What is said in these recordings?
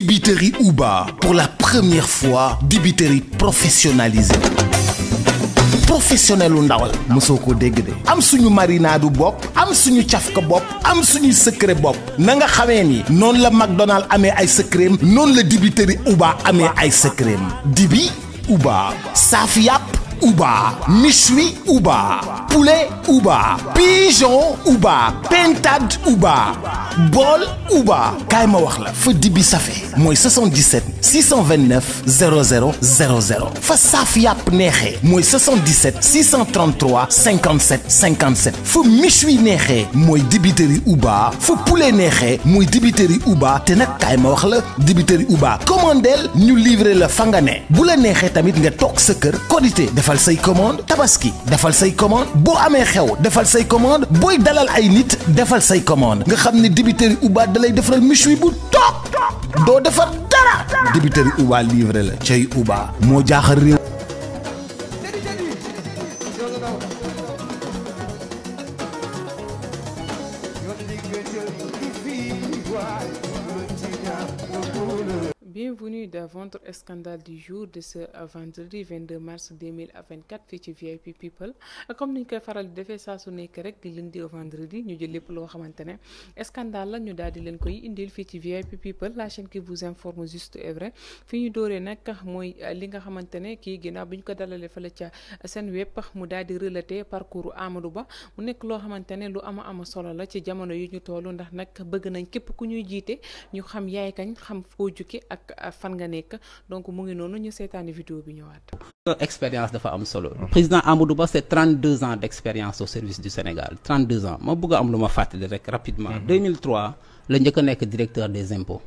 Dibiterie Uba, pour la première fois, dibiterie professionnalisée. professionnel on a la musoko ko dégg de am suñu marinade bop am suñu cafka nous am suñu secret Nous na nga xamé ni non la McDonald amé ay secret non la dibiterie Uba amé ay secret dibi Uba saaf Ouba, michui Ouba, poulet Ouba, pigeon Ouba, pentad Ouba, bol Ouba. kaay ma wax Moi 77 629 0000 fa Moi 77 633 57 57 Fou Michui Nehe Moi dibiteri Ouba Fou poulet Moi dibiteri Ouba Tena nag dibiteri Ouba Commandel, ñu livrer le fangane. Boule ne tamit nga Tok sa defal say commande tabaski defal say common boo amee xew defal say commande booy dalal ay nit defal say commande nga xam ne dibiteri Uba dalay defaral méchoui bu toog doo defar dara dibiteri Uba livré la cey Uba moo jaaxal réew Bienvenue dans votre scandale du jour de ce vendredi 22 mars 2024 fii ci VIP People comme ni ñu koy faral di defee saa nekk rek di lundi au vendredi ñu jël lépp loo xamante ne scandale la ñu daal di leen koy indil fii ci VIP People la chaîne qui vous informe juste et vrai ñu dooree nag mooy euh, li nga xamante ne kii ginnaaw bi ñu ko dalalee fële ca euh, seen web mu daal di relater parcours Amadou Ba mu nekk loo xamante ne lu ama ama solo la ci jamono yu ñu toll ndax nag bëgg nañ képp ku ñuy jiite ñu donc mu ngi ñu sétane vidéo bi ñëwaat. expérience dafa am solo. président Amadou Ba c'est 32 ans d'expérience au service du Sénégal 32 ans ma bëgg am luma fàttali rapidement. 2003 mhm. la ñëk directeur des impôts.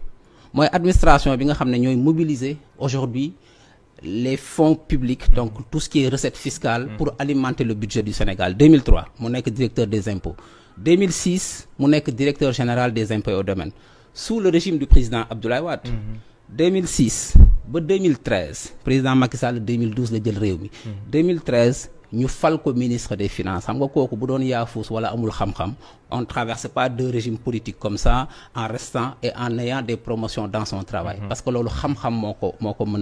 L'administration administration bi nga mobiliser aujourd'hui les fonds publics mhm. donc tout ce qui est recette fiscale mhm. pour alimenter le budget du Sénégal 2003 mu suis directeur des impôts 2006 mu suis directeur général des impôts au domaine. sous le régime du président Abdoulaye Wade 2006 ba 2013 président Macky Sall 2012 la jël réew 2013 hmm. ñu fal ko ministre des finances on nga bu doon wala amul xam-xam on traverse pas deux régimes politiques comme ça en restant et en ayant des promotions dans son travail. Hmm. parce que lolu xam-xam moko moko moo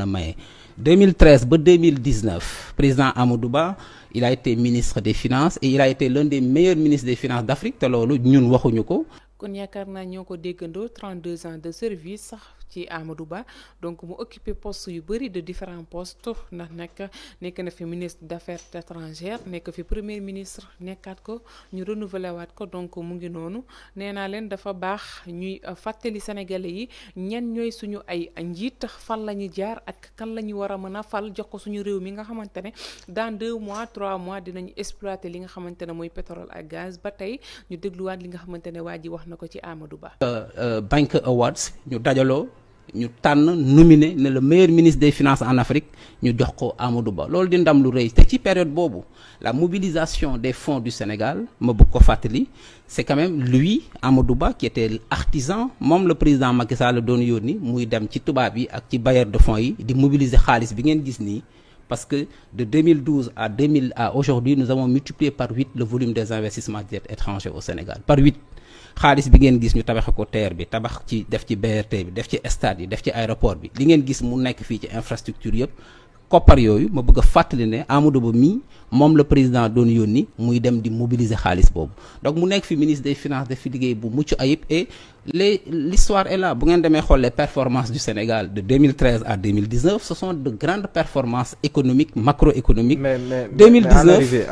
2013 ba 2019 président Amadou il a été ministre des finances et il a été l'un des meilleurs ministres des finances d'Afrique te lolu ñun waxuñu kon 32 ans de service ci Amadou Ba donc mu occupé post yu bëri de différents postes ndax nag nekk na fi ministre d' affaires étrangères nekk fi premier ministre nekkaat ko ñu renouvelé waat ko donc mu ngi noonu nee naa leen dafa baax ñuy fàttali sénégalais yi ñen ñooy suñu ay njiit fan la ñu jaar ak kan la ñu war a mën a fal jox ko suñu réew mi nga xamante ne dans mois trois mois dinañu exploiter li nga xamante ne mooy pétrole ak gaz ba tey ñu dégluwaat li nga xamante ne waa ji wax na ko ci Amadou Ba. Euh, euh, Bank Awards ñu dajaloo. Nous avons nominé le meilleur ministre des finances en Afrique ñu jox ko Amadou Ba loolu di ndam période bobo, la mobilisation des fonds du Sénégal c'est quand même lui Amadou qui était l'artisan, même le président Macky Sall Doniouni, Yoni, muy dem ci bailleur de fonds qui a mobilisé Khalis bi ngeen parce que de 2012 à 2000 à aujourd'hui nous avons multiplié par 8 le volume des investissements étrangers au Sénégal par 8 xaalis bi ngeen gis ñu tabax ko terre bi tabax ci def ci BRT bi def ci stade yi def ci aéroport bi li ngeen gis mu nekk fii ci infrastructure yëpp Je yoyu ma bëgg a Amadou Ba mi mom le président don yoni muy dem di mobiliser xaliss donc mu nek fi ministre des finances def fi bu ayib et l'histoire est là bu ngeen demee xol les performances du Sénégal de 2013 à 2019 ce sont de grandes performances économiques macroéconomiques. mais 2019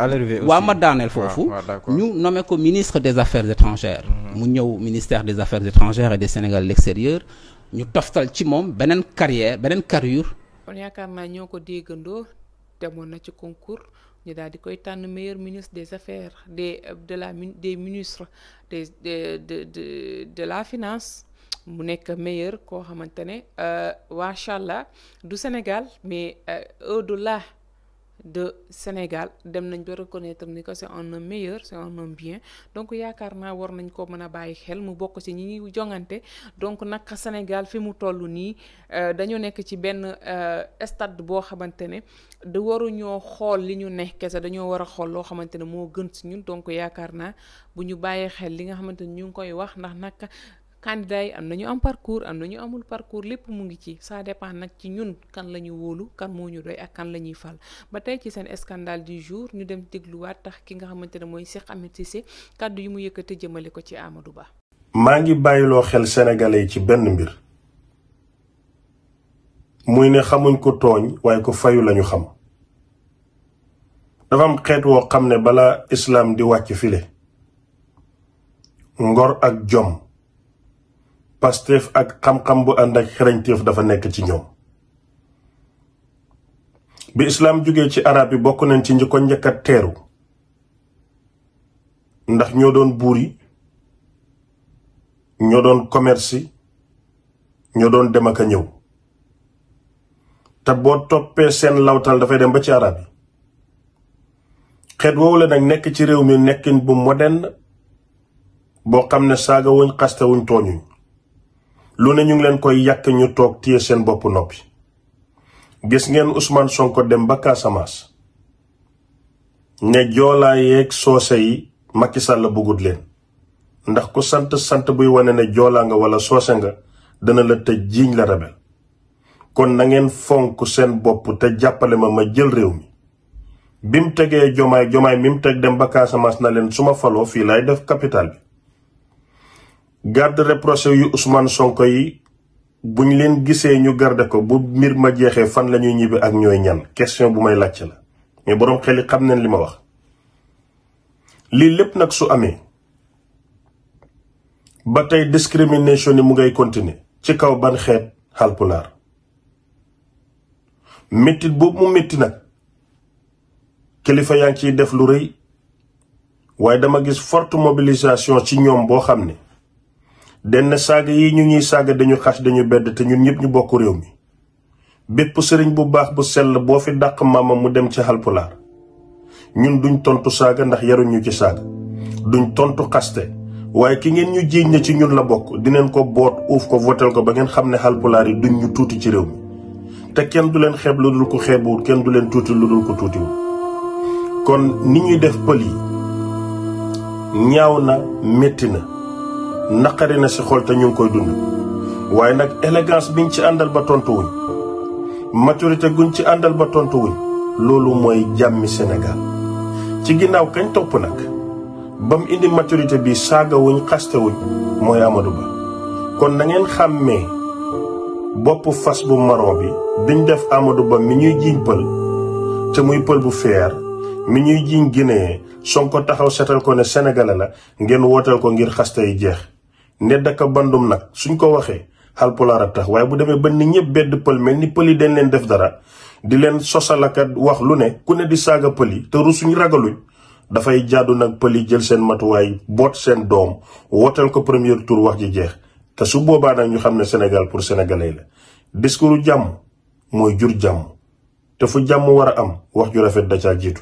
wa ma danel Fofu, ñu nommé ko ministre des affaires étrangères. Mhm. mu ñew ministère des affaires étrangères et des Sénégal extérieur. l'extérieur ñu toftal ci mom une carrière benen carrure kon yaakaar naa ñoo ko déggandoo demoon na ci concours ñu daal di koy tànn meilleur ministre des affaires des de la des ministres des de de de la finance mu nekk meilleur koo xamante ne wa euh, shallah du Sénégal mais euh, au delà. de Sénégal dem nañ ba reconnaître ni que c'est un homme meilleur c'est un homme bien donc yaakaar naa war nañ ko mën a bàyyi xel mu bokk ci ñi ngi jongante donc nag Sénégal fi mu toll nii euh, dañu nekk ci benn euh, stade boo xamante ne du waruñoo xool li ñu nekk kese dañoo war a xool loo xamante ne moo gën si ñun donc yaakaar naa bu ñu bàyyee xel li nga xamante ni ñu ngi koy wax ndax nag candidat yi am nañu am parcours am ñu amul parcours lépp mu ngi ci sa dépend nag ci ñun kan la ñu wóolu kan moo ñu doy ak kan la ñuy fal ba tey ci seen scandale du jour ñu dem dégluwaat tax ki nga xamante ne mooy Cheikh Ahmed Cissé kàddu yi mu yëkkate jëmale ko ci Amadou Ba. maa ngi bàyyiloo xel sénégalais yi ci benn mbir muy ne xamuñ ko tooñ waaye ko fayu lañu xam dafa am xeet woo xam ne bala islaam di wàcc file ngor ak jom Pastef ak xam-xam bu ànd ak xereñteef dafa nekk ci ñoom bi islaam jógee ci araab bi bokk nañ ci ñi ko njëkk a teeru ndax ñoo doon buur yi ñoo doon commerce yi ñoo doon dem ak a ñëw te boo toppee seen lawtal dafay dem ba ci arab yi xeet woowu la nag nekk ci réew mi nekkin bu moderne boo xam ne saaga wuñ xaste wuñ tooñuñ lu ne ñu ngi leen koy yàq ñu toog téye seen bopp noppi gis ngeen Ousmane Sonko dem ba Casamance ne joolaa yeeg soose yi Macky Sall la bëggut leen ndax ku sant sant buy wane ne joolaa nga wala soose nga dana la tëj jiiñ la rebel kon na ngeen fonk seen bopp te jàppale ma ma jël réew mi bi mu tegee jomaay jomaay mi mu teg dem ba Casamance na leen suma ma faloo fii laay def capital bi garde reproché yu Ousmane Sonko yi buñ leen gisee ñu garde ko bu mir ma jeexee fan la ñuy ak ñoy ñan question bu may lacc la mais borom xel xam nañ lima wax li lepp nak su amé ba tay discrimination ni mu ngay continuer ci kaw ban xet halpular metti bu mu metti nak kelifa yang ci def lu reuy waye dama gis forte mobilisation ci ñom bo denn saaga yi ñu ñuy saaga dañu xas dañu bedd te ñun ñëpp ñu bokk réew mi bépp sëriñ bu baax bu sell boo fi dàq maama mu dem ci halpulaar ñun duñ tontu saaga ndax yaruñu ci saaga duñ tontu xaste waaye ki ngeen ñu jiiñ ne ci ñun la bokk dineen ko boot uuf ko votel ko ba ngeen xam ne halpulaar yi duñ ñu tuuti ci réew mi te kenn du leen xeeb lu dul ko xeebuwul kenn du leen tuuti lu dul ko tuutiwul kon ni ñuy def pël yi ñaaw na métti na naqari na si xol te ñu ngi koy dund waaye nag élégance biñ ci àndal ba tontu wuñ maturité guñ ci àndal ba tontu wuñ loolu mooy jàmmi Sénégal ci ginnaaw kañ topp nag ba mu indi maturité bi saaga wuñ xaste wuñ mooy Amadou Ba kon na ngeen xàmmee bopp fas bu maron bi biñ def Amadou Ba mi ñuy jiiñ pël te muy pël bu feer mi ñuy jiiñ Guinée Sonko taxaw setal ko ne sénégalais la ngeen wooteel ko ngir xaste yi jeex ndedd ak bandum nag suñ ko waxee xalpulaar a tax waaye bu demee ba nit ñëpp bedd pël mel ni pël yi dañ leen def dara di leen sosalakat wax lu ne ku ne di saaga pël yi te rusuñ ragaluñ dafay jaadu nag pël yi jël seen matuwaay boot seen doom wooteel ko premier tour wax ji jeex te su boobaa nag ñu xam ne Sénégal pour sénégalais la discours jàmm mooy jur jàmm te fu jàmm war a am wax ju rafet da caa jiitu.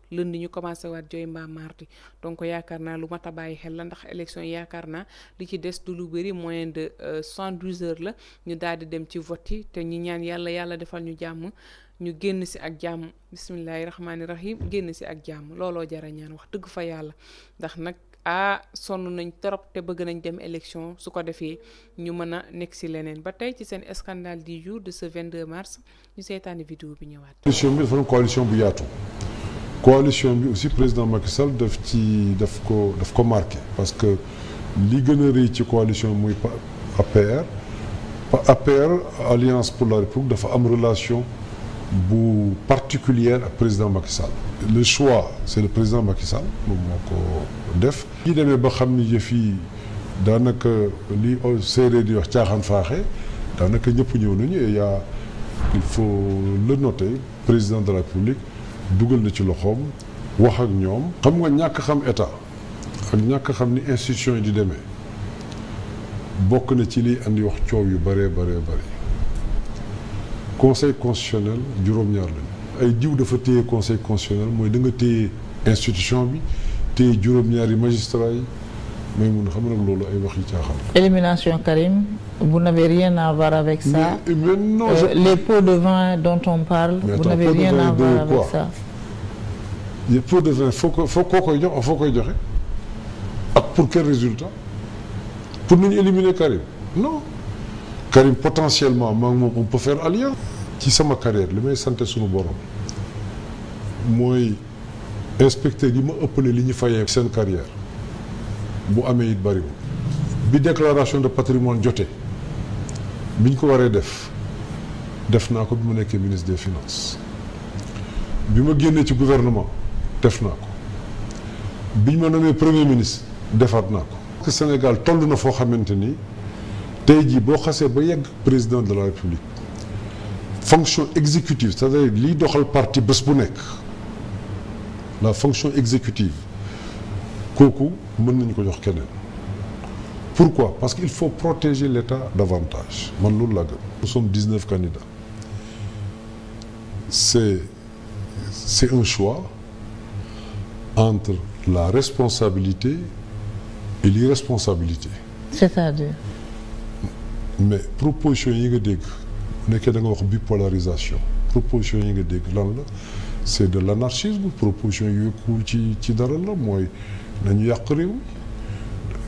lundi ñu commencé waat jooy mbaa mardi donc yaakaar naa lu mat bàyyi xel la ndax élection yaakaar naa li ci des du lu bëri moyen de cent euh, douze heures la ñu daal di dem ci vote yi te ñu ñaan yàlla yàlla defal ñu jàmm ñu génn si ak jàmm bisimilahi rahmaani rahim génn si ak jàmm looloo jara ñaan wax dëgg fa yàlla ndax nag ah sonn nañ trop te bëgg nañ dem élection su ko defee ñu mën a nekk si leneen ba tey ci seen scandale du jour de ce 22 mars ñu seetaani vidéo bi ñëwaat. coalition bi dafa doon coalition bi aussi président Macky Sall doit ci daf ko daf ko marqué parce que li de a ci coalition muy APR APR Alliance pour la République doit dafa une relation bu particulière à président Macky Sall le choix c'est le président Macky Sall ko def ba xamni fi li di wax ñëpp ñëw nañu il faut le noter président de la République dugal na ci loxoom wax ak ñoom xam nga ñàkk xam état ak ñàkk xam ni institution yi di demee bokk na ci liy andi wax coow yu bëree bëree bëri conseil constitutionnel juróom-ñaar lañu ay diw dafa téye conseil constitutionnel mooy da nga téye institution bi téye juróom-ñaar yi magistrat yi may mun xam nag loolu ay wax yi caaxaan élimination Karim Vous n'avez rien à voir avec ça. Euh, les pots de vin dont on parle, vous n'avez rien à voir avec ça. Les pots de vin, il faut qu'on faut qu'on Pour quel résultat Pour nous éliminer Karim Non. Karim, potentiellement, on peut faire alliance. Qui c'est ma carrière Le meilleur santé sur le bord. Moi, inspecteur, il m'a appelé une carrière. Bon, Amélie Baribou. bi déclaration de patrimoine bi ñu ko waree def def naa ko bi mu nekkee ministre des finances bi ma génnee ci gouvernement def naa ko bi ñu ma nommé premier ministre defaat naa ko. parce Sénégal toll na foo xamante ni tey jii boo xasee ba yegg président de la république fonction exécutive c'est-à-dire liy doxal parti bés bu nekk la fonction exécutive kooku mën nañu ko jox keneen. Pourquoi Parce qu'il faut protéger l'État davantage. Nous sommes 19 candidats. C'est un choix entre la responsabilité et l'irresponsabilité. C'est-à-dire Mais proposition bipolarisation. Proposition c'est de l'anarchisme. Proposition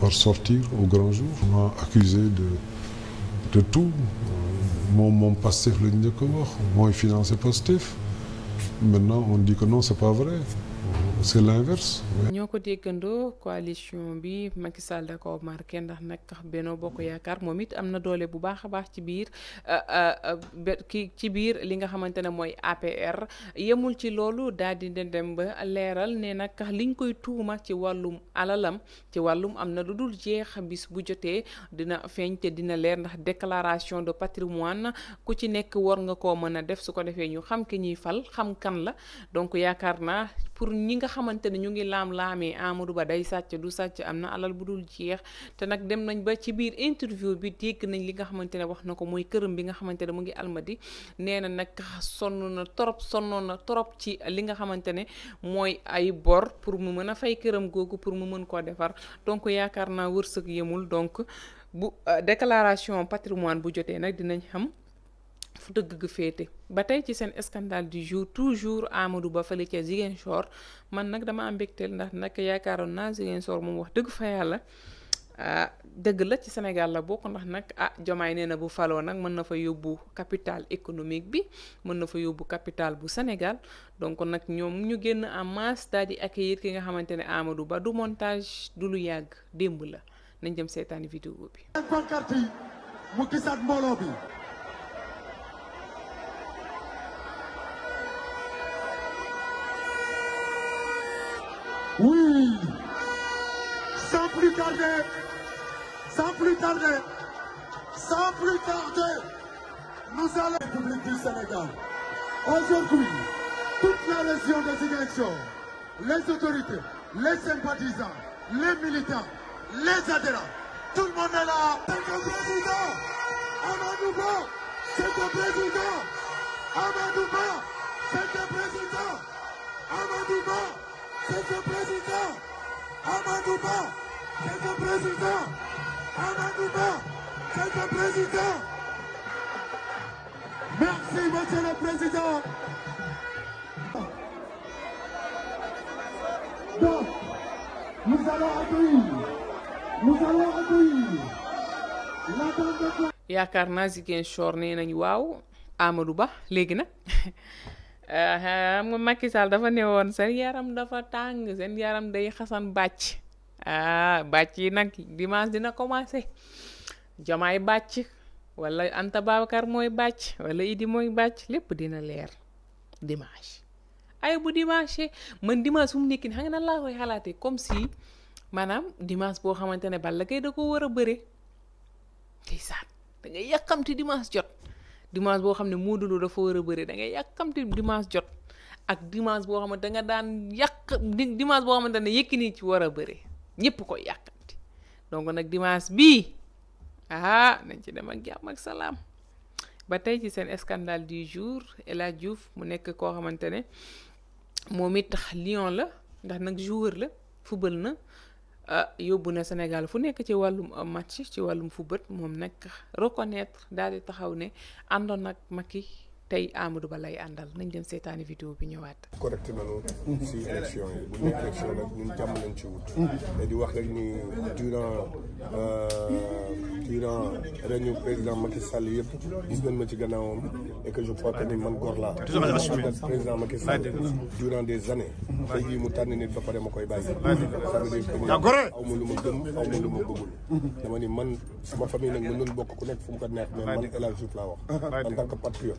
par sortir au grand jour. On m'a accusé de, tout. Mon, mon pasteur le Nidekomor, moi, financement positif. Maintenant, on dit que non, c'est pas vrai. c'est l'inverse ñoo ko déggandoo coalition bi Macky Sall da ko marqué ndax nag benn Bokk Yaakaar moom it am na doole bu baax baax ci biir euh, euh, ki ci biir li nga xamante ne mooy APR yemul ci loolu daal di dem ba leeral ne nag liñ koy tuuma ci wàllum alalam ci wàllum am na lu dul jeex bis bu jotee dina feeñ te dina leer ndax déclaration de patrimoine ku ci nekk war nga koo mën a def su ko defee ñu xam ki ñuy fal xam kan la donc yaakaar naa pour ñi nga xamante ne ñu ngi laam-laamee Amadou Ba day sàcc du sàcc am na alal bu dul jeex te nag dem nañ ba ci biir interview bi dégg nañ li nga xamante ne wax na ko mooy këram bi nga xamante ne mu ngi almadi nee na nag sonn na torop sonnoon na torop ci li nga xamante ne mooy ay bor pour mu mën a fay këram googu pour mu mën koo defar donc yaakaar naa wërsëg yemul donc bu euh, déclaration patrimoine bu jotee nag dinañ xam fu dëgg gu féete ba tey ci seen scandale du jour toujours Amadou Ba fële ca Ziguinchor man nag dama am mbégteel ndax nag yaakaaroon naa Ziguinchor moom wax dëgg fa yàlla ah, dëgg la ci Sénégal la ndax nag ah jomaay nee na bu faloo nag mën na fa yóbbu capital économique bi mën na fa yóbbu capital bu senegal donc nag ñoom ñu génn en masse daal di accueillir ki nga xamante ne Amadou Ba du montage du lu yàgg démb la nañ jëm seetaani vidéo bi. mu gisaat mbooloo bi. sans plus tarder, sans plus tarder, nous allons la République du Sénégal. Aujourd'hui, toute la région de Ziguinchor, les autorités, les sympathisants, les militants, les adhérents, tout le monde est là. C'est le président Amadou Ba, c'est le président Amadou Ba, c'est le président Amadou Ba, c'est le président Amadou Ba. c'est le président Amadou Ba yaakaar naa Ziguinchor nee nañu waaw Amadou Ba léegi nag xam nga Macky Sall dafa newoon seen yaram dafa tàng seen yaram day xasan bàcc ah bàcc yi nag dimanche dina commencé Jomaay bàcc wala Anta Babacar mooy bàcc wala Idi mooy bàcc lépp dina leer dimanche. ay bu dimanche man dimanche fu mu nekk nii xam nga xalaatee comme si maanaam dimanche boo xamante ne Balla Gaye da ko war a bëre ndeysaan da ngay yàkkamti dimanche jot dimanche boo xam ne Modou Lô dafa war a bëre da ngay yàkkamti dimanche jot ak dimanche boo xamante da nga daan yàq dimanche boo xamante ne Yékini ci war a bëre. ñëpp koy yàqanti donc nag dimanche bii ah nañ ci dem ak jàmm ak salaam ba tey ci seen scandale du jour El Hadj jouf mu nekk koo xamante ne moom it tax Lion la ndax nag joueur la fubal na ah, yóbbu na Sénégal fu nekk ci wàllum ah, match ci wàllum fubal moom nag reconnaître daal di taxaw ne àndoon ak Macky Tay Amadou balay lay àndal nañ dem seetaani vidéo bi ñëwaat. correct nañu si élection yi bu nekk élection nak ñun jamm lañ ci wut. Mhm. et di wax rek ni durant euh, durant réunion président Macky Sall yépp gis nañ ma ci gannaawam et que je crois que ni man gor la président Macky Sall durant des années. tay bi mu tànn nit ba paré makoy bayyi ça veut dire que ni aw ma lu ma gëm aw ma lu ma bëggul. Mhm. dama ni man sama famille nak mën nañ bokk ku nekk fu mu ko neex mais man El jup la wax en tant que patriote.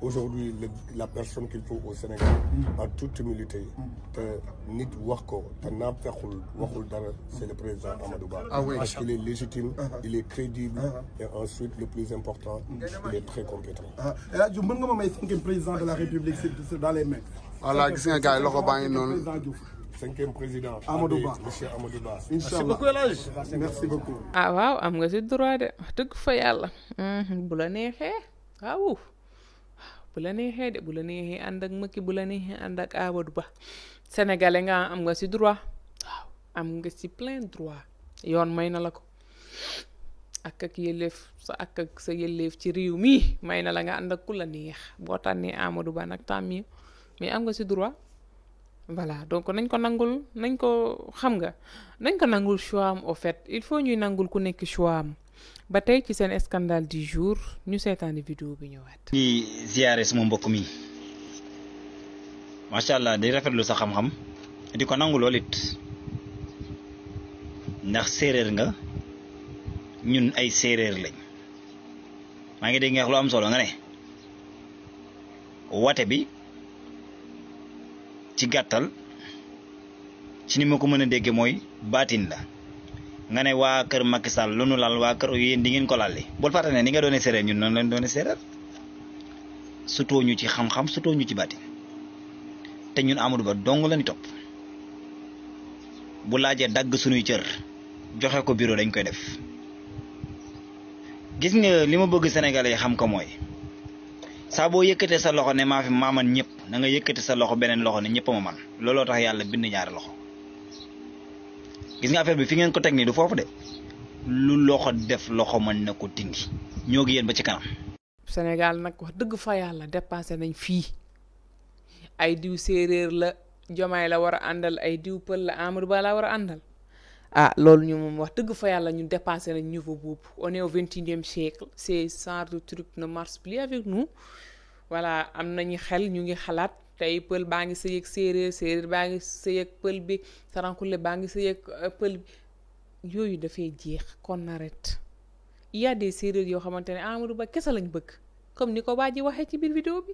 aujourd'hui la personne qu'il faut au Sénégal en mm. toute humilité mm. nit wax waxul c'est le président Amadou Ba ah oui parce qu'il est légitime ah ah. il est crédible ah et ensuite le plus important mm. il est très compétent Et là, Diouf mën nga ma may cinquième président de la République c'est dans les mains voilà gis nga gars yi loxo baa cinquième président Amadou Ba monsieur Amadou merci beaucoup merci beaucoup ah waaw am nga le droit de wax dëgg fa yàlla droit. Mhm, la neexee waaw bulane de bulane he ànd ak Macky bulane he andak ak Amadou Ba sénégalais nga ah, am nga ci droit am nga ci plein droit yon may na la ak ak yelef sa ak ak sa yelef ci réew mi may na la nga ànd ak ku neex bo tànnee Amadou Ba nak tammi mais am nga ci droit voilà donc nagn ko nangul nagn ko xam nga nagn ko nangul choix am au fait il faut ñuy nangul ku nekk choix ba tey ci seen scandale di jour ñu seetaani vidéo bi ñëwaat. di ziare sama mbokk mi macha allah di rafetlu sa xam-xam di ko nangu lool it ndax séeréer nga ñun ay séeréer lañ maa ngi dégg nga wax lu am solo nga ne wate bi ci gàttal ci ni ma ko mën a déggee mooy baatin la. nga ne waa lono Macky Sall lu nu lal waa kër yéen di ngeen ko lalé bo faté ne ni nga doone séré ñun noonu leen doone séré suto ñu ci xam-xam suto ñu ci baatin té ñun Amadou Ba dong la ñu topp bu laaje dag sunuy cër joxé ko bureau dañ koy def gis nga lima bëgg Sénégalais yi xam ko moy sa bo yëkëté sa loxo né ma fi ñëpp na nga yëkëté sa loxo benen loxo né ñëpp ma man lolo tax yalla bind ñaar loxo gis nga affaire bi fi ngeen ko teg nii du foofu de lu loxo def loxo mën na ko tindi ñoo ngi yéen ba ci kanam. Sénégal nag wax dëgg fa yàlla dépassé nañ fii ay diw séeréer la jomaay la war a àndal ay diw pël la Amadou Ba la war a àndal ah loolu ñu moom wax dëgg fa yàlla ñun dépassé nañ niveau boobu on est au vingt et siècle c'est genre de truc ne marche plus avec nous voilà am nañu xel ñu ngi xalaat. tey pël baa ngi sëy ak séeréer séeréer baa ngi sëy ak pël bi sarankule baa ngi sëy ak euh, pël bi yooyu dafay jeex kon naret ret il y séeréer yoo xamante ne Amadou Ba kese lañ bëgg comme ni ko waa ji waxee ci biir vidéo bi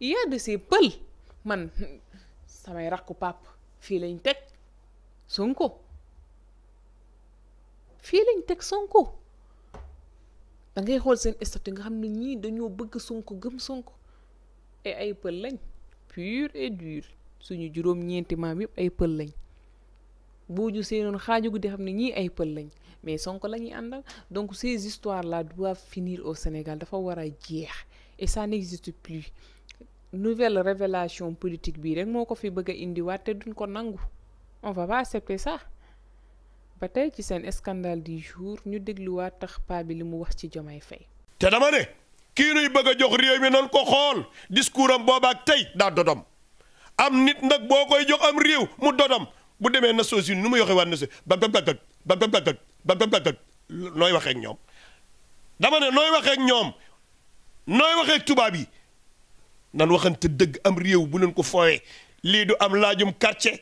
il y a de ces pël man samay rakku pap fii lañ teg Sonko fii lañ teg Sonko da ngay xool seen statut nga xam ne ñii dañoo bëgg Sonko gëm Sonko et ay pël lañ pur et dur suñu juróom ñeenti maam yëpp ay pël lañ boo ju seenoon xaaju guddi xam ne ñii ay pël lañ mais Sonko la ñuy àndal donc ces histoires là doivent finir au Sénégal dafa war a jeex et ça n'existe plus nouvelle révélation politique bii rek moo ko fi bëgg a indiwaat te duñ ko nangu on va pas accepter ça ba tey ci seen scandale du jour ñu dégluwaat tax paa bi li mu wax ci jamay Faye te dama ne kii nuy bëgg a jox réew mi nan ko xool discours am boobaak tey daa dodom am nit nag boo koy jox am réew mu dodom bu demee Nations Unies nu mu waxee waat na si ba ba ba ba ba ba nooy waxee dama ne nooy waxee ñoom nooy waxee tubaab yi nan waxante dëgg am réew bu leen ko fooyee lii du am laajum quartier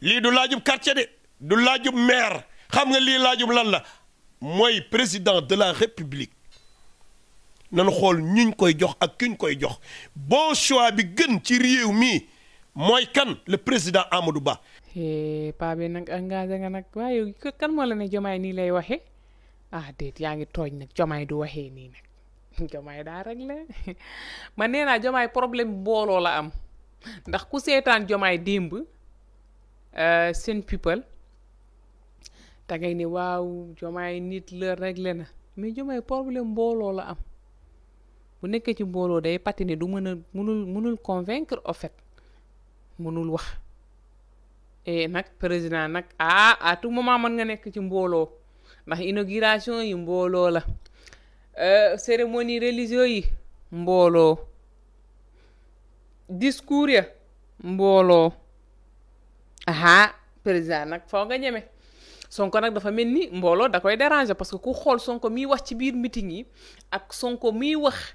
lii du laajum quartier de du laajum maire xam nga lii laajum lan la mooy président de la république nanu xool ñuñ koy jox ak kuñ koy jox boo choix bi gën ci réew mi mooy kan la président Amadou Ba. paa bi nag engagé nga nag waaye kan moo la ne jomaay nii lay waxee ah déet yaa ngi tooñ nag jomaay du waxee nii nag. jomaay daa réglé man nee naa jomaay problème mbooloo la am ndax ku seetaan jomaay démb euh, seen people te ngay ni waaw jomaay nit la réglé na mais jomaay problème mbooloo la am bu nekkee ci mbooloo day patiner du mën a mënul mënul convaincre au fait mënul wax et nag président nag ah à tout moment mën nga nekk ci mbooloo ndax inauguration yi mbooloo la euh, cérémonie religieux yi mbooloo discours ya mbooloo aha président nag foo nga ñeme sonko nag dafa mel ni mbooloo da koy déranger parce que ku xool sonko miy wax ci biir meeting yi ak sonko miy wax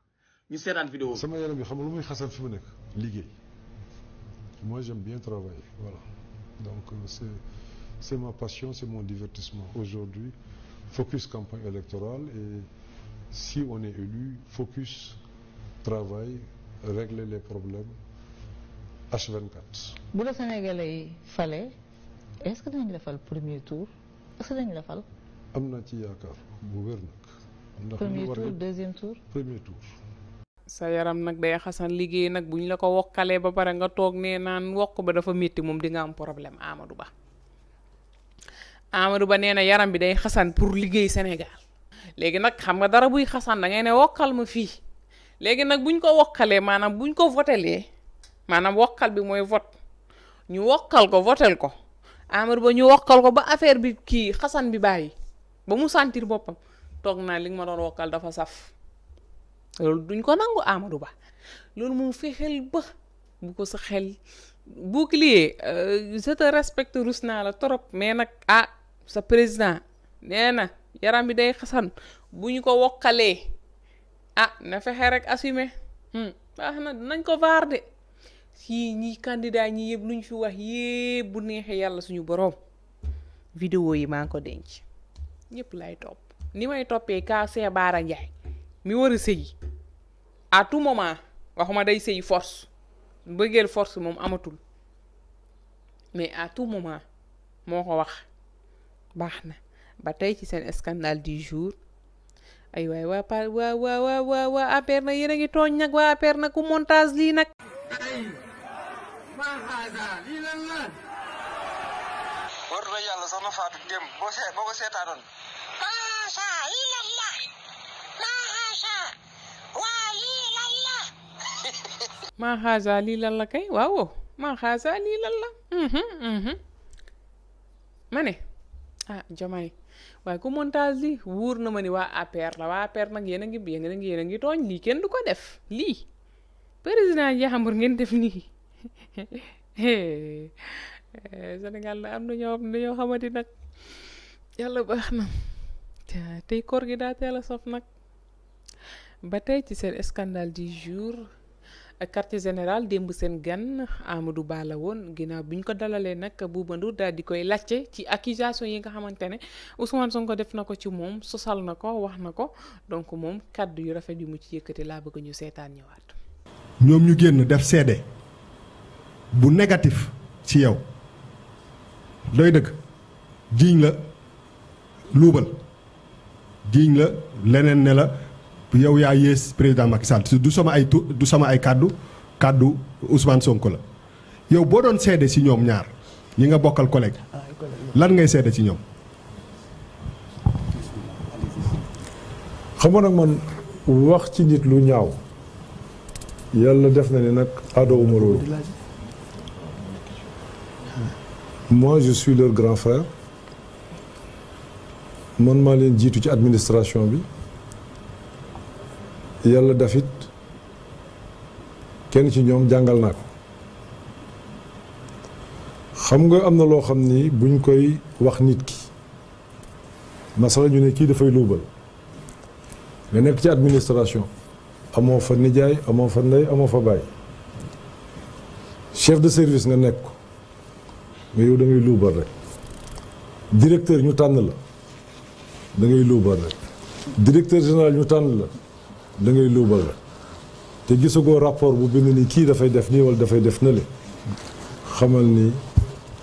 ñu sétane vidéo sama yaram bi xam lu fi moi j'aime bien travailler voilà donc euh, c'est c'est ma passion c'est mon divertissement aujourd'hui focus campagne électorale et si on est élu focus travail régler les problèmes H24. bu la Sénégalais yi est-ce que dañ la fal premier tour est-ce que dañ la fal. am naa ci yaakaar bu wér nag. premier tour deuxième tour. premier tour. sa yaram nag day xasan liggéey nag bu ñu la ko wokkalee ba pare nga toog nee naan wokk ba dafa métti moom dinga am problème Amadou Ba Ba nee na yaram bi day xasan pour liggéey Sénégal léegi nag xam nga dara buy xasan da ngay ne wokkal ma fii léegi nag buñ ko wokkalee maanaam buñ ko votelee maanaam wokkal bi mooy vote ñu wokkal ko ko Amadou Ba ñu wokkal ko ba affaire bi kii xasan bi bàyyi ba mu sentir boppam toog naa li ma doon wokkal dafa saf lolou duñ ko nangu Amadou Ba loolu moom fexeel ba bu ko sa xel bouclier euh, je te respecte rusna la torop mais nak ah sa président nena, yaram bi day xassan buñ ko wokalé ah na fexe rek assumer hmm baxna dinañ ko vaar de si ñi candidat ñi yeb luñ fi wax yëpp bu neexee yalla suñu borom vidéo yi ma ko denc ñëpp lay top ni may topé ka sé Baara Njaay mi war a sëyi à tout moment waxuma day sëyi force bëggeel force moom amatul mais à tout moment moo ko wax baax na ba tey ci seen scandale du jour ay waay waa pa waa waa waa waa waa APR na ngi tooñ nag waa APR na ku montage lii nag war na yàlla soxna Fatou démb boo seetaanoon maa xaasaa lii lan la kay waaw maa xaasaa lii lan la mhm, mhm. ma ne ah Diomaye waaye ku montage lii wóor na ma ni waa APR la waa APR nag yéen a ngi yéen a ngi yéen a tooñ lii kenn du ko def lii président jaambur ngeen def nii eh, Sénégal la am na ñoo am na ñoo nag yàlla baax na tey koor gi daa teel sof nag ba tey ci seen scandale du jour Euh, quartier général démb seen gan du Ba la woon ginnaaw bi ñu ko dalalee nag Bouba Ndour daal di koy laajte ci accusation yi nga xamante ne Ousmane Sonko def na ko ci moom sosal na ko wax na ko donc moom kàddu yu rafet yu mu ci yëkkati laa bëgg ñu seetaan ñëwaat. ñoom ñu génn def seede bu négatif ci yow doy dëgg jiiñ la luubal jiiñ la leneen ne la. yow yaa yées président Macky Sall du sama ay tu du sama ay kàddu kàddu Ousmane Sonko la yow boo doon seede si ñoom ñaar ñi nga bokkal collègue lan ngay seede ci ñoom. xam nga nag man wax ci nit lu ñaaw yàlla def na ni nag adoowuma loolu mois je suis leur grand frère man maa leen jiitu ci administration bi. yàlla dafit kenn ci ñoom jàngal naa ko xam nga am na loo xam ni buñ koy wax nit ki masala ñu ne kii dafay luubal nga nekk ci administration amoo fa nijaay amoo fa ndey amoo fa baay chef de service nga nekk ko mais yow da luubal rek directeur ñu tànn la dangay ngay luubal rek directeur général ñu tànn la da ngay luubal la te gisagoo rapport bu bind ni kii dafay def nii walla dafay def na le xamal ni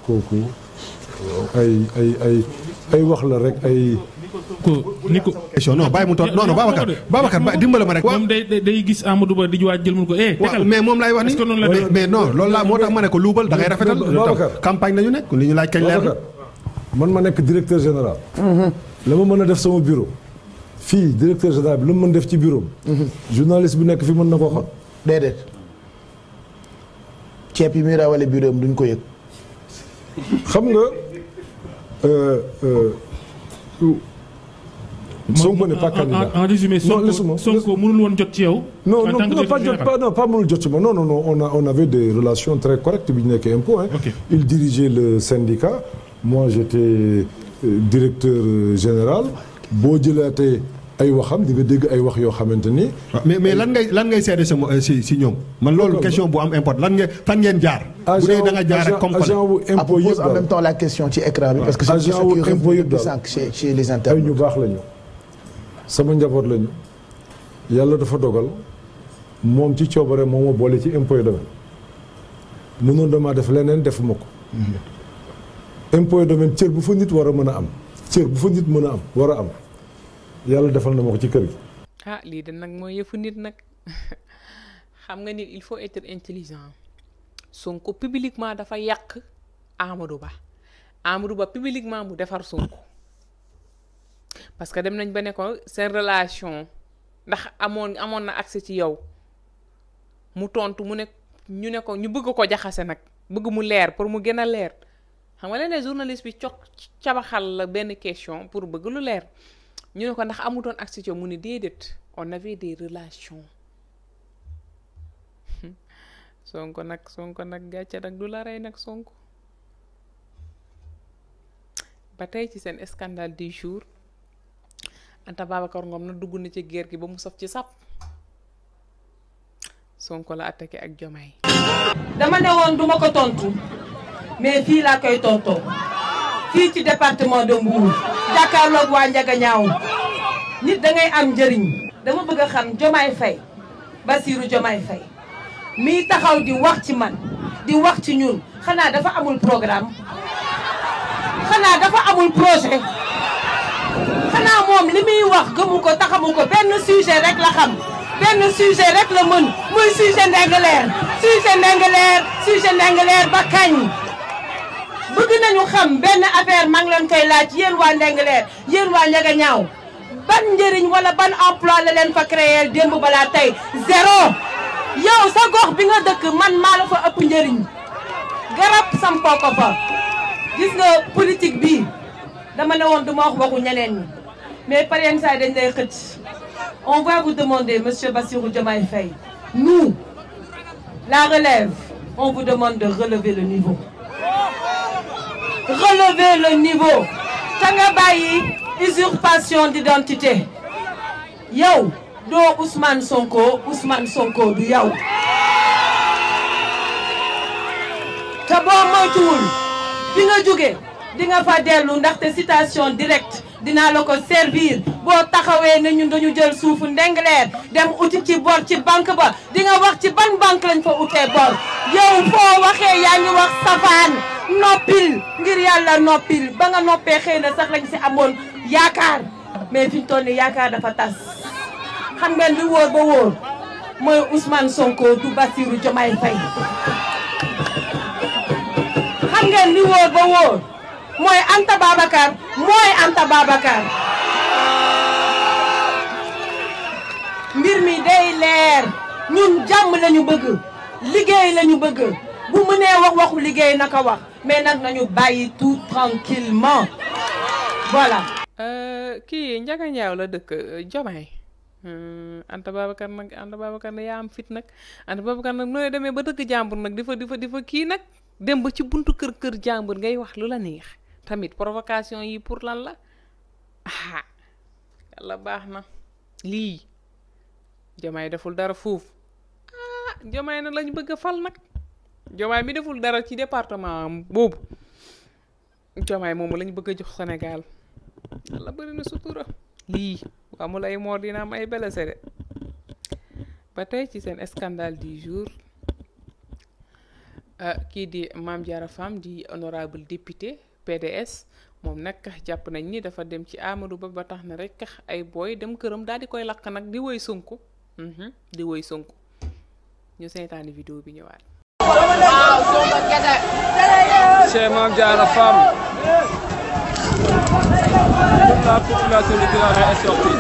kooku ay ay ay ay wax la rek ay. ni ko non bàyyi mu toog non non Babacar Babacar dimbale ma rek. moom day day gis Amadou Ba di waaj jël mu ko eh. tegal mais moom laay wax ni mais non loolu laa moo tax ma ne ko luubal da ngay rafetal. campagne la ñu nekk li ñu laaj kañ leer man ma nekk directeur général. Mhm. la ma mën a def sama bureau. fi directeur général bi lu mën def ci bureau mhm. journaliste bu nek fi mën nako koo xam. déedéet ceeb yi muy rawale bureau duñ ko yek xam nga. Euh, euh, Sonko ne pas candidat en résumé Sonko mënul won jot ci yow. non non pas jot pas non pas mënul jot ci ma non non non on a on avait des relations très correctes bi nek un point il dirigeait le syndicat moi j'étais euh, directeur général bo jëlaatee. ay waxam di nga dégg ay wax yoo xamante ni. Ah, mais mais lan ngay lan ngay seede sa euh, si si ñoom. man loolu question bu am import lan ngeen fan ngeen jaar. bu dee da nga jaar ak comme agent wu ah, impôt yëpp daal en même temps la question ci écran ñu baax lañu sama njaboot lañu yàlla dafa dogal moom ci coobare moom moo boole ci impôt domaine mënoon damaa def leneen defuma ko. Mhm. impôt domaine cër bu fa nit war a mën a am. cër bu fa nit mën a am war a am. yàlla defal na ma ko ci kër gi. ah lii de nag mooy yëfu nit nag xam nga nit il faut être intelligent Sonko publiquement dafa yàq Amadou Ba Amadou Ba publiquement mu defar sunk parce que dem nañ ba ne ko seen relation ndax amoon amoon na accès ci yow mu tontu mu ne ñu ne ko ñu bëgg ko jaxase nag bëgg mu leer pour mu gën a leer xam nga léeg-léeg journaliste bi cox cabaxal la benn question pour bëgg lu leer. ñu ne ko ndax amutoon accès ci yow mu ne déedéet on avait des relations sonko nag sonko nag gàcce nag du la rey nag sonko ba tey ci seen scandale du jour Anta Babacar ngoom na dugg na ci guerre gi ba mu saf ci sap sonko la attaqué ak jomay dama ne duma ko tontu mais fii laa koy tontoo fii ci département de Mbour jàkkaarloog waa Njagañaaw nit da am njëriñ dama bëgg a xam fay Faye Bassirou Diomaye Faye mii taxaw di wax ci man di wax ci ñun xanaa dafa amul programme xanaa dafa amul projet xanaa moom li muy wax gëmu ko taxamu ko benn sujet rek la xam benn sujet rek la mën muy sujet Ndingler sujet Ndingler sujet Ndingler ba kañ bëgg nañu xam benn affaire ma ngi leen koy laaj yéen waa Ndingler yéen waa Ndiaganiao ban njëriñ wala ban emploi la leen fa créer démb balaa tey zéro yow sa gox bi nga dëkk man maa la fa ëpp njëriñ garab sam kooko fa gis nga politique bi dama ne woon du ma wax waxu ñeneen ñi mais par yenn saa dañ lay xëcc on va vous demander monsieur Bassirou Diomaye Faye nous la relève on vous demande de relever le niveau relever le niveau te nga bàyyi usurpation d'identité yow doo Ousmane Sonko Ousmane Sonko du yow te boo moytuwul fi nga jóge di nga fa dellu ndaxte citation directe dinaa la ko servir boo taxawee ne ñun dañu jël suufu Ndingler dem uti ci bor ci banque ba di nga wax ci ban banque lañ fa utee bor yow foo waxee yaa ngi wax safaan noppil ngir yàlla noppil ba nga noppee xëy na sax lañ si amoon yaakaar mais fi ñu toll yaakaar dafa tas xam ngeen li wóor ba wóor mooy Ousmane Sonko du Bassirou Diomaye Faye xam ngeen li wóor ba wóor moy Anta babakar moy Anta babakar mbir mi day leer ñun jamm lañu bëgg liggéey lañu bëgg bu mënee wax waxu liggéey naka wax mais nak nañu bayyi tout tranquillement voilà. ki Njaga ñaw la dëkk euh, Hmm, Anta Babacar nag Anta Babacar nag yaa am fit nak Anta Babacar nak noy demee ba dëkk jambour nak difa difa difa ki nak dem ba ci buntu kër kër jambour ngay wax lula neex. tamit provocation yi pour lan la ah yàlla baax na lii jomaay deful dara foofu ah jomaay na lañ bëgg a fal nag jomaay mi deful dara ci département boobu jomaay moomu lañ bëgg a jox Sénégal yàlla bëri na sutura amul ay moor dina am ay blessé de ba tey ci seen scandale di jour ah, kii di maam Diarra Fam di honorable député PDS mom nak japp nañ ni dafa dem ci Amadou Ba ba tax na rek ay boy dem kërëm daal di koy lakk nak di woy hmm di woy Sonko ñu seetaani vidéo bi ñëwaat. Cheikh Fam. la population de est sortie.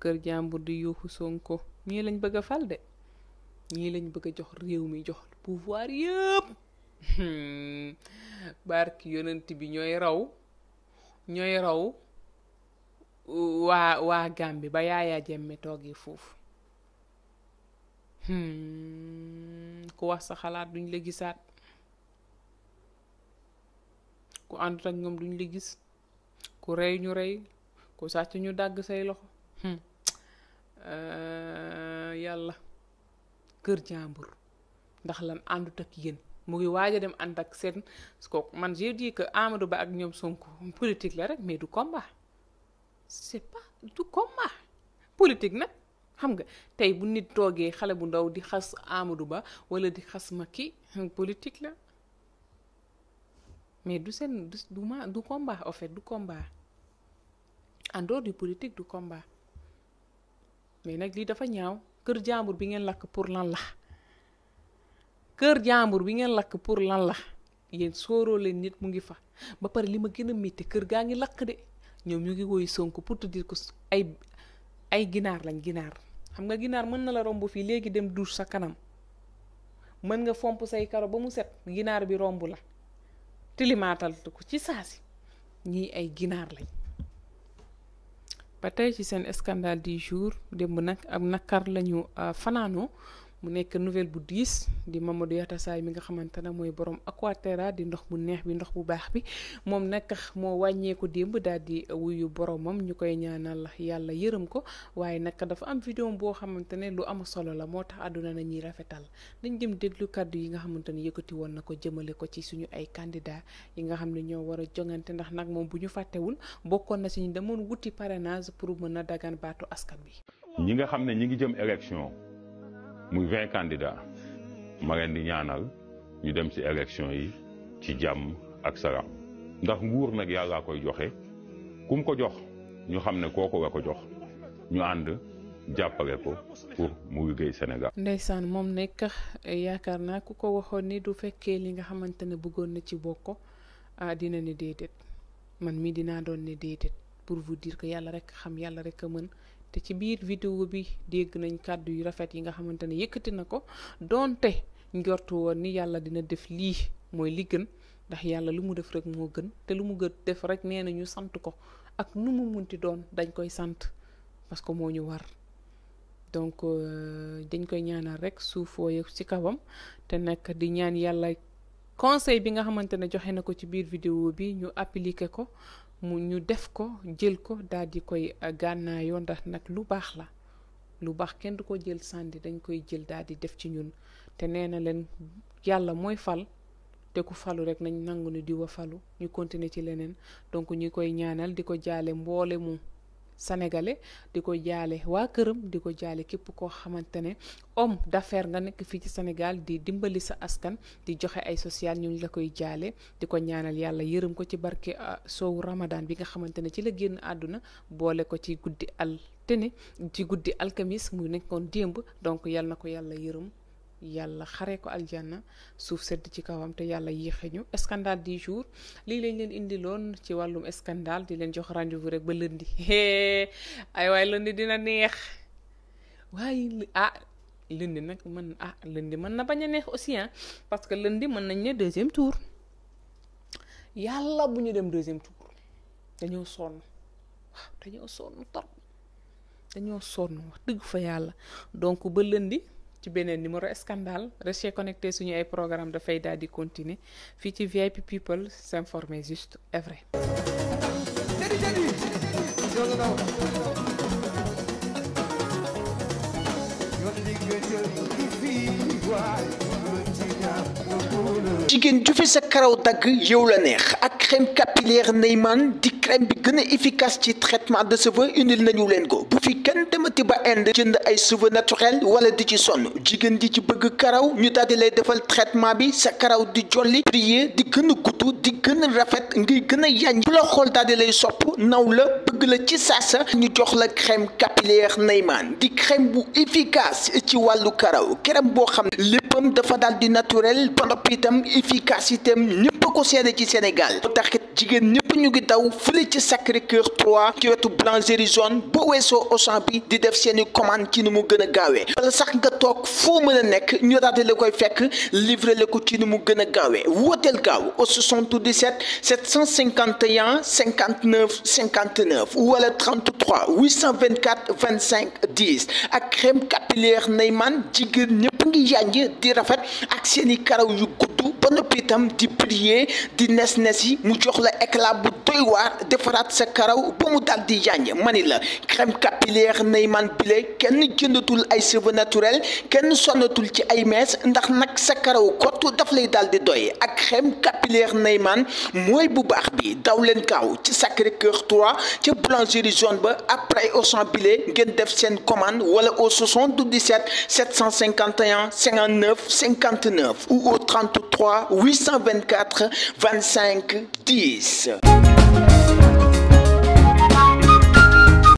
kër jàmbur di yuuxu Sonko ñii lañ bëgg a fal de ñii lañ bëgg a jox réew mi jox pouvoir yëpp hmm. barki yonent bi ñooy raw ñooy raw waa waa Gàmbi ba Yaya Jammeh toogee foofu hmm. ku wax sa xalaat duñ la gisaat ku and ak ñom duñ li gis ku rey ñu rey ku sacc ñu dag say loxo hmm. euh, yalla keur jàmbur ndax lan àndut ak yeen mu ngi waja dem and ak sen ko man je dis que Amadou Ba ak ñom sonku politique la rek mais du combat c'est pas du combat politique nak xam nga tay bu nit toge xalé bu ndaw di xass Amadou Ba wala di xass Macky politique la mais du seen du du ma du combat en du combat en dehors du politique du combat mais nag lii dafa ñaaw kër jàmbur bi ngeen lakk pour lan la kër jàmbur bi ngeen lakk pour lan la yéen sóoroo leen nit mu ngi fa ba pare li ma gën a métti kër gaa ngi lakk de ñoom ñu ngi woy Sonko pour te dire que ay ay ginaar lañ ginaar xam nga ginaar mën na la romb fii léegi dem douche sa kanam mën nga fomp say karo ba mu set ginaar bi romb la tilimaatal ko ci saa si ñii ay ginaar lañ ba tey ci seen scandale du jour démb nag ab nakar lañu euh, fanaanoo mu nekk nouvelle bu diis di Mamadou Yatassay mi nga xamante ne mooy borom Aquaterra di ndox bu neex bi ndox bu baax bi moom nag moo wàññeeku démb daal di wuyu boromam ñu koy ñaanal yàlla yërëm ko waaye nag dafa am vidéo boo xamante ne lu am solo la moo tax àdduna na ñuy rafetal dañ jëm déglu kàddu yi nga xamante ne yëkkati woon na ko jëmale ko ci suñu ay candidat yi nga xam ne ñoo war a jongante ndax nag moom bu ñu fàttewul bokkoon na si ñu demoon wuti parrainage pour mën a dagan baatu askan bi. ñi nga xam ne ñi ngi jëm élection. muy vingt candidats ma leen di ñaanal ñu dem ci élection yi ci jàmm ak salaam ndax nguur nag yàlla koy joxe ku ko jox ñu xam ne kooku la ko jox ñu ànd jàppale ko pour mu liggéey Sénégal. ndeysaan moom nekk yaakaar naa ku ko waxoon ni du fekkee li nga xamante ne bëggoon na ci bokk ah, dina ne déedéet man mii dinaa doon ne déedéet pour vous dire que yàlla rek xam yàlla rek a mën te ci biir vidéo bi dégg nañ kàddu yu rafet yi nga xamante ne yëkkati na ko doonte njortu woon ni yàlla dina def lii mooy li gën ndax yàlla lu mu def rek moo gën te lu mu gën def rek nee na ñu sant ko ak nu mu munti doon dañ koy sant parce que moo ñu war donc euh, dañ koy ñaanal rek suufoo yeeg ci kawam te nekk di ñaan yàlla conseil bi nga xamante ne joxe na ko ci biir vidéo bi ñu appliquer ko mu ñu def ko jël ko daal di koy ah, gànnaayoo ndax nag lu baax la lu baax kenn du ko jël sànni dañ koy jël daal di def ci ñun te nee na leen yàlla mooy fal te ku falu rek nañ nangu ni diwa falu ñu continuer ci leneen donc ñu koy ñaanal di ko jaale mboole mu sénégalais di ko jaale waa këram di ko jaale képp koo xamante ne homme nga nekk fii ci Sénégal di dimbali sa askan di joxe ay social ñu la koy jaale di ko ñaanal yàlla yërëm ko ci barke ah, soowu Ramadan bi nga xamante ne ci la génn àdduna boole ko ci guddi al ci guddi alkamis mu nekkoon démb donc yal na ko yàlla yërëm yàlla xaree ko aljanna suuf sedd ci kawam te yàlla yéexe ñu scandale di jour lii lañ leen indi loon ci wàllum scandale di leen jox rendez-vous rek ba lundi ay waay lundi dina neex waaye ah lundi nag mën ah, mën na bañ a neex aussi ah parce que lundi mën nañ ne deuxième tour yàlla bu ñu dem deuxième tour dañoo sonn waaw dañoo sonn trop dañoo sonn wax dëgg fa yàlla donc ba lundi ci beneen numéro scandale restez connecté suñu ay programme dafay daal di continuer fii ci VIP People s'informer juste et vrai jigen ju fi sa karaw dagg yow la neex ak crème capillaire Neyman di crème bi gën efficace ci traitement de cheveux indil nañu leen ko bu fi kenn demati ba Inde jënd ay cheveux naturels wala di ci sonn jigen di ci bëgg karaw ñu daal di lay defal traitement bi sa karaw di jolli prier di gën a di gën rafet ngay gëna a yañ bu la xol daal di lay sopp naw la bëgg la ci saasa ñu jox la crème capillaire Neyman di crème bu efficace ci walu karaw crème bo xam leppam dafa daal di naturel ba noppi efficacité am ñëpp ko seede ci Sénégal moo taxit jigen ñepp ñu ngi daw fële ci Sacré-Cœur 3 ci wetu boulangerie zone ba weesoo Auchan bi di def seeni commande ci nu mu gëna gawé wala sax nga tok fo mëna nek ñu daal di la koy fekk livré la ko ci nu mu gëna gawé gaawee gaaw au 77 751 59 59 wala 33 824 25 10 ak crème capillaire Neyman jigen ñepp ngi yànj di rafet ak seeni karaw yu gudd noppi pitam di plier di ness nessi mu jox la éclat bu doy war defarat sa karaw bu mu daal yagne manila crème capillaire Neyman Bile kenn jëndatul ay cheveux naturel kenn sonnatul ci ay mees ndax nak sa karaw kott daf lay daldi doy ak crème capillaire Neyman moy bu baax bi daw leen ci Sacré-Cœur 3 ci boulangerie jaune ba après au champ Bile ngeen def sen commande wala au 77 751 59 59 ou au 33 824 25 10.